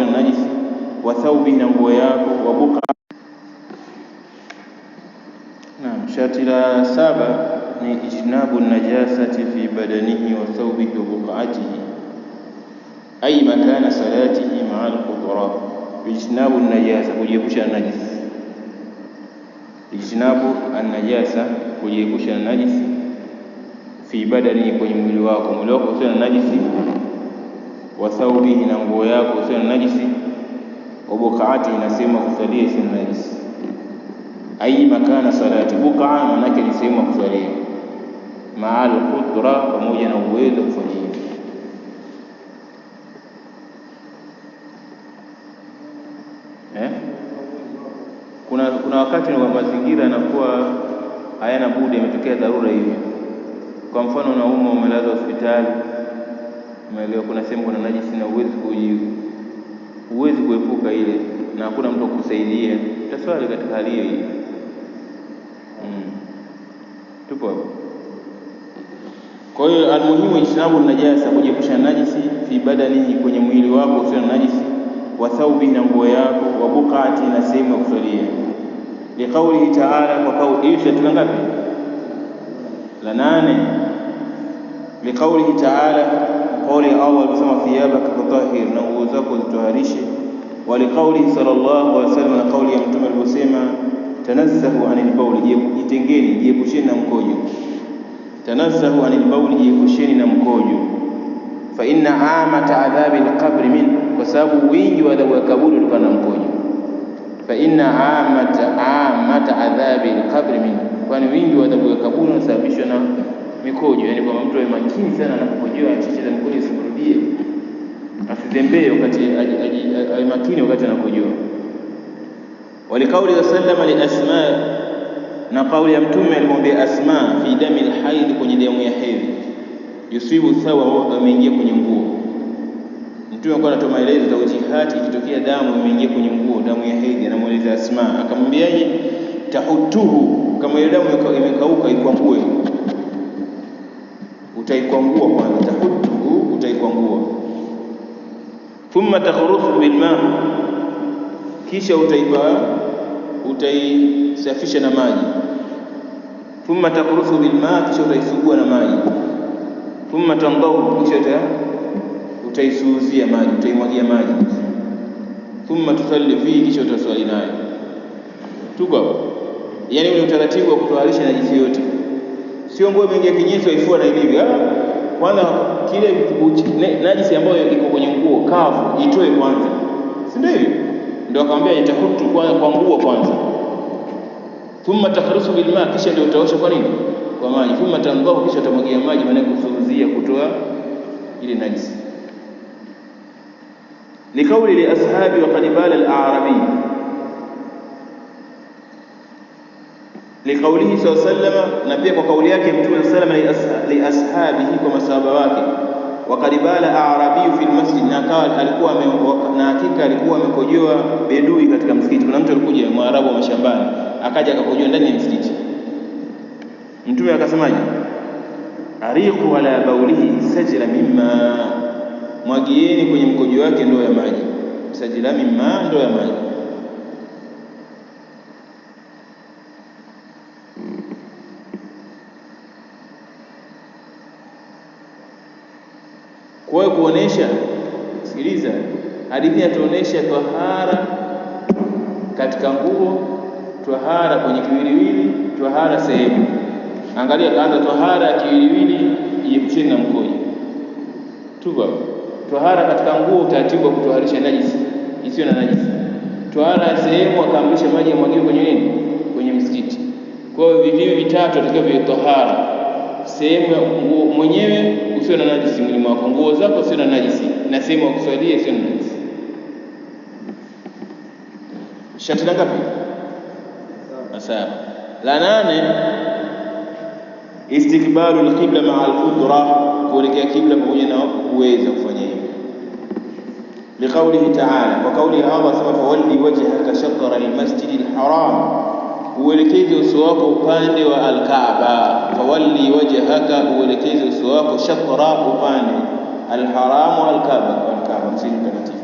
machafu ya najisi, wa thaubi na nguo yako, wa buka. Naam, sharti la saba ni ijnabu najasati fi badanihi wa thaubihi wa buqaatihi ay makana salatihi maa al-qudra. Ijnabu najasa, kujiepusha na najisi. Ijnabu najasa kujiepusha na najisi, fi badani, kwenye mwili wako, mwili wako usio na najisi wa thawbihi, na nguo yako usio na najisi, wa bukaati, inasema kusalia isiyo na najisi, ai makana salati bukaa, manake ni sehemu ya kusalia, maa qudra, pamoja na uwezo kufanya eh? kuna kuna wakati na mazingira yanakuwa hayana budi, imetokea dharura hivyo. Kwa mfano, unaumwa, umelazwa hospitali Umeelewa? Kuna sehemu kuna najisi na huwezi huwezi kuepuka ile, na hakuna mtu akusaidie, utaswali katika hali hiyo hiyo. Mm. Tupo hapo. Kwa hiyo almuhimu, ijtinabu najasa, kujiepusha najisi, fi badanihi, kwenye mwili wako usio na najisi, wa thawbi, na nguo yako, wa buqati, na sehemu ya kusalia. Liqaulihi taala, kwa kauli hii tuna ngapi? La nane. Liqaulihi taala hao walisema thiyabaka fatahir, na nguo zako zitoharishe. Walikauli sallallahu alaihi wasallam, na kauli ya mtume aliposema tanazzahu anil bauli, jitengeni, jiepusheni na mkojo. Tanazzahu anil bauli, jiepusheni na mkojo. Fa inna amata adhabi alqabri min, kwa sababu wingi wa adhabu ya kaburi ulikuwa na mkojo. Fa inna amata amata adhabi alqabri min, kwani wingi wa adhabu ya kaburi unasababishwa na mikojo, yani kwa mtu awe makini sana anapokojewa, acheche za mkojo zembee wakati awe makini wakati anapojua. Walikauli sallama li Asma, na kauli ya Mtume alimwambia Asma fi dami lhaidhi, kwenye damu ya hedhi, yusibu thawa, ameingia kwenye nguo. Mtume alikuwa anatoa maelezo ujihati, ikitokea damu imeingia kwenye nguo, damu ya hedhi, anamweleza Asma akamwambiaje? Tahutuhu, kama ile damu imekauka ikwangue, utaikwangua kwanza. Tahutuhu, utaikwangua thumma takhuruthu bilma, kisha utaiba utaisafisha na maji. Thumma takhuruthu bilma, kisha utaisugua na maji. Thumma tandau, kisha utaisuuzia maji, utaimwagia maji. Thumma tusalli fihi, kisha utaswali nayo. Tuko yani, ni utaratibu wa kutoharisha najisi yote, sio nguo ya kinyesi waifua na ilivyo ah, kwanza kile najisi ambayo iko kwenye nguo kavu itoe kwanza, si ndio? Ndio akamwambia itakutu kwa nguo kwanza, thumma takhrusu bilma, kisha ndio utaosha. Kwa nini? Kwa maji. Thumma tandahu, kisha utamwagia maji, maana kuzuuzia kutoa ile najisi. Ni kauli li ashabi wa qadibal al-arabi liqaulihi sallallahu alayhi wasallam, na pia kwa kauli yake Mtume sallallahu alayhi wasallam li ashabihi, kwa masahaba wake Waqad bala arabiyu fi lmasjid, na alikuwa na hakika alikuwa amekojoa bedui katika msikiti. Kuna mtu alikuja mwarabu wa mashambani akaja akakojoa ndani ya msikiti. Mtume akasemaje? ariqu ala baulihi sajla mimma, mwagieni kwenye mkojo wake ndoo ya maji. Sajla mimma, ndoo ya maji Kwa hiyo kuonesha, sikiliza, hadithi yatuonesha twahara katika nguo, twahara kwenye kiwiliwili, twahara sehemu. Angalia, kaanza twahara ya kiwiliwili, na mkojo tu. Twahara katika nguo, utaratibu wa kutoharisha najisi isiyo na najisi. Twahara ya sehemu, akaamrisha maji yamwagiwe kwenye nini? Kwenye msikiti. Kwa hiyo vitatu atakiwa vya tohara sehemu ya nguo mwenyewe usio na najisi mwili wako, nguo zako usio na najisi, na sehemu ya kuswalia sio na najisi. Shati la ngapi? Saba. La nane, istikbalu alqibla maa alqudra, kuelekea kibla pamoja na uweza kufanya hivyo liqaulihi taala, kwa kauli ya Allah, sema fawalli wajhaka shatra almasjidi alharam uelekeze uso wako upande wa Alkaaba. Fawalli wajhaka, uelekeze uso wako shatra, upande alharamu Alkaaba, Alkaaba msikiti mtakatifu.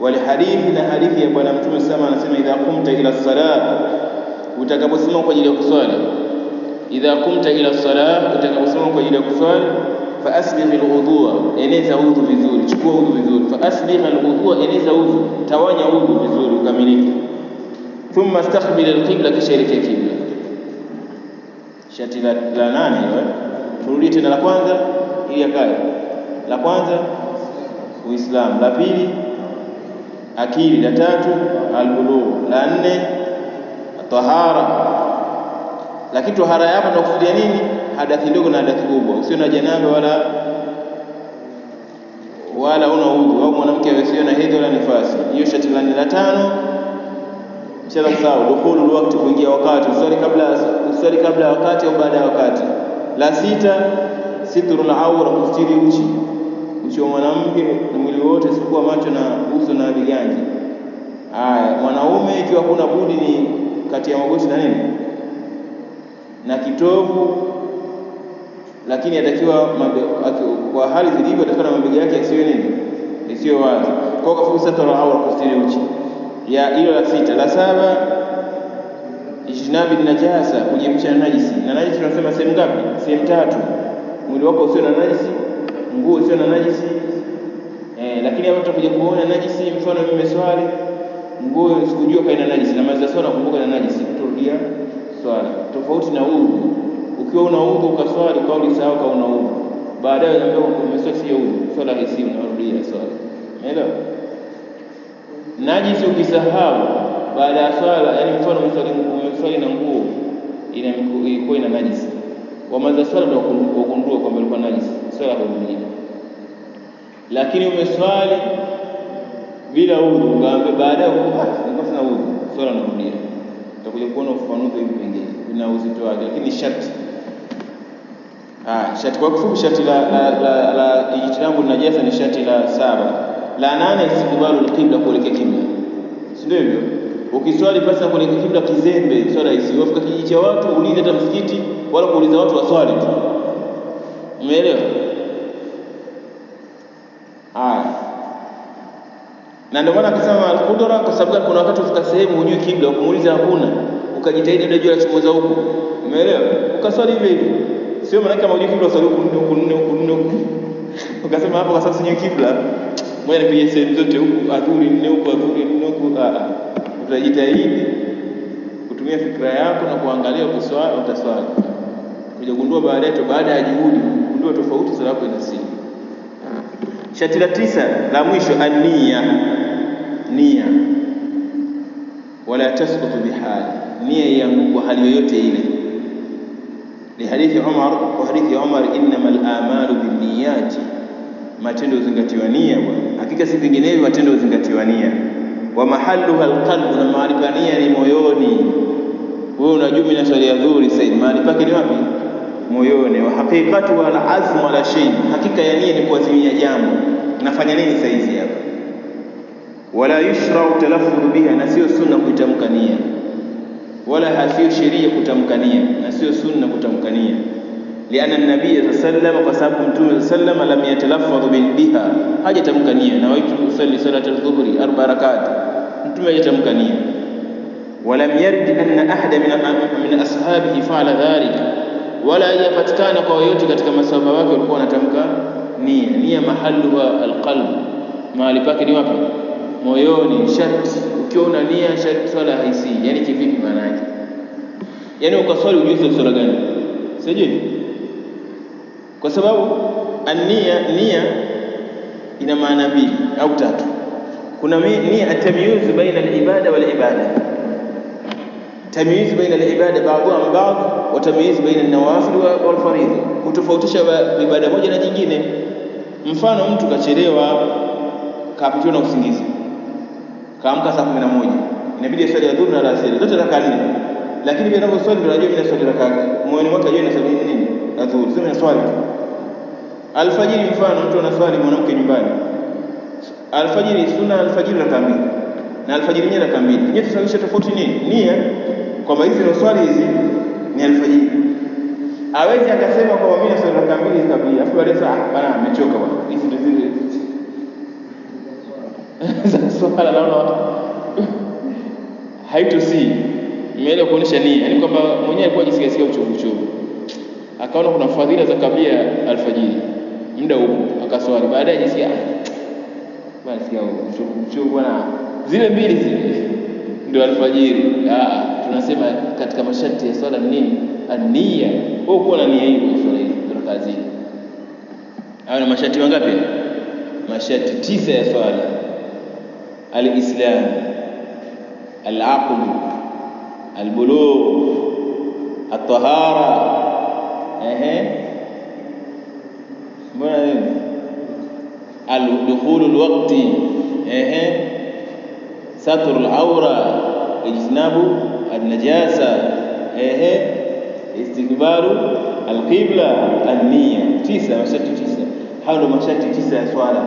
Walihadithi, na hadithi ya Bwana Mtume sama anasema, idha kumta ila salat, utakaposimama kwa ajili ya kuswali. Idha kumta ila salat, utakaposimama kwa ajili ya kuswali faasbigh alwudhu, eneza udhu vizuri, chukua udhu vizuri. Faasbigh alwudhu, eneza udhu, tawanya udhu vizuri ukamilike thumma stakbil alqibla, kisha elekea kibla. Shati la nane hilo, eh? turudie tena. La kwanza ili akae, la kwanza Uislamu, la pili akili, la tatu albulugh, la nne tahara. Lakini tahara hapa tunakusudia nini? Hadathi ndogo na hadathi kubwa, usio na janaba wala wala una udhu, au mwanamke asiye na hedhi wala nifasi. Hiyo shati la tano sharaf sawa, dukhulul waqti, kuingia wakati, usali kabla usali kabla ya wakati au baada ya wakati. La sita, sitrul awra, kustiri uchi uchi wa mwanamke na mwili wote, sikuwa macho na uso na viganja. Haya, mwanaume ikiwa kuna budi ni kati ya magoti na nini na kitovu, lakini atakiwa kwa hali zilivyo, atakiwa na mabega yake yasiyo nini, isiyo wazi. Kwa kafursa tara awra, kustiri uchi ya hiyo la sita. La saba ijtinabi najasa, kujiepusha na najisi. Na najisi tunasema sehemu ngapi? Sehemu tatu: mwili wako usio na najisi, nguo usio na najisi eh, lakini hapa tutakuja kuona najisi. Mfano mimi swali nguo sikujua kaina najisi, na maza swala kumbuka na najisi, kutorudia swala. Tofauti na udhu, ukiwa una udhu ukaswali kwa ulisahau kwa una udhu, baadaye unaambia umeswali sio udhu, swala hisi, unarudia swala, umeelewa? Najisi ukisahau baada ya swala, yaani mfano umeswali na nguo ilikuwa ina najisi, wamaliza swala ndio kugundua kwamba ilikuwa najisi, swala hairudika. Lakini umeswali bila udhu, ukaambia baadaye ah, nilikuwa sina udhu, swala narudia. Utakuja kuona ufafanuzi hivi pengine na uzito wake, lakini sharti Ah, sharti kwa kifupi, sharti la ijtinabu najasa ni sharti la saba. La nane istikbalu alqibla, kuelekea kibla, si ndio hivyo? Ukiswali pasa kuelekea kibla kizembe, swala hizi wafika kijiji cha watu ulize hata msikiti wala kuuliza watu waswali tu, umeelewa? Haya, na ndio maana akasema alqudra, kwa sababu kuna wakati ufika sehemu hujui kibla, ukumuuliza hakuna, ukajitahidi ndio jua chomoza huko, umeelewa? Ukaswali hivyo hivyo, sio maana kama hujui kibla swali huko, huko huko ukasema hapo kwa sababu sijui kibla ngoja nipige sehemu zote huku adhuri nne huku adhuri nne huku. Ah, ah. Utajitahidi kutumia fikra yako na kuangalia kuswali, utaswali kujagundua baadaye tu, baada ya juhudi kugundua tofauti zako yako inasii. Sharti la tisa la mwisho, ania nia, wala tasqutu bihali, nia ianguka hali yoyote ile. Ni hadithi Umar, kwa hadithi ya Umar, innamal a'malu binniyati, matendo zingatiwa nia bwana hakika si vinginevyo watendo uzingatiwa nia. Wa mahalluha alqalbu, na mahali pa nia ni moyoni. Wewe unajua mimi naswali ya dhuhuri sasa, mahali pake ni wapi? Moyoni. Wa haqiqatu wal azmu ala shay, hakika ya nia ni kuazimia jambo. Nafanya nini sasa hizi hapa? Wala yushrau talaffudhu biha, na sio sunna kuitamka nia, wala hasio sheria kutamka nia, na sio sunna kutamka nia liana nabiya sallam, kwa sababu mtume sallam lam yatalaffadhu biha, hajatamka nia na waitu usalli salat aldhuhri arba rakat, mtume hajatamka nia. Walam yardi anna ahada min ashabihi faala dhalika, wala yapatikana kwa yote katika masahaba wake walikuwa wanatamka nia. Nia mahaluha alqalb, mahali pake ni wapi? Moyoni. Sharti ukiona nia, sharti swala haisi. Yani kivipi? Maana yake yani ukaswali ujue sura gani, sijui kwa sababu ania nia ina maana mbili au tatu. Kuna nia tamyiz baina alibada wal ibada, tamyiz baina alibada baadhi baadhuha baadh, wa tamyiz baina nawafil wal farid, kutofautisha ibada moja na nyingine. Mfano, mtu kachelewa, kapitiwa na usingizi, kaamka saa 11 inabidi asali adhuhuri na alasiri zote rakaa nne, lakini bila kuswali ndio anajua mimi naswali rakaa, moyoni mwake anajua naswali nini na zile sema swali alfajiri. Mfano mtu anaswali mwanamke nyumbani alfajiri, sunna alfajiri rakaa mbili na alfajiri yenyewe rakaa mbili. Je, tusawishe tofauti nini? Nia kwamba hizi ndio swali hizi ni alfajiri. Awezi akasema kwamba mimi naswali rakaa mbili kabla, afu baadaye sasa ah, bana amechoka bwana, hizi ndizo zile swala naona haitosii imeenda kuonesha nia, yaani kwamba mwenyewe alikuwa ajisikia sikia uchovu uchovu akaona kuna fadhila za kabia alfajiri muda huo akaswali, baadaye ajisikia bwana, zile mbili zile ndio alfajiri. Ah, tunasema katika masharti ya swala nini? Ania, wewe uko na nia hiyo swala hizo ndio kazi Hayo na masharti mangapi? Masharti tisa ya swala: alislam, alaql, albulugh, atahara ehe, mbona nini aldukhulu alwaqti, ehe, satru laura ijtinabu alnajasa, ehe, istikbaru alqibla, annia. Tisa, masharti tisa. Hayo ndio masharti tisa ya swala.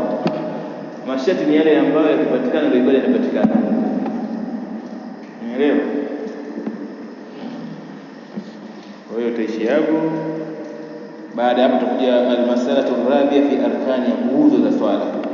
Masharti ni yale ambayo yakipatikana ndio ibada inapatikana. Umeelewa? Kwa hiyo utaishi hapo. baada ya hapo tutakuja almasalatu rabi'a fi arkani ya nguzo za swala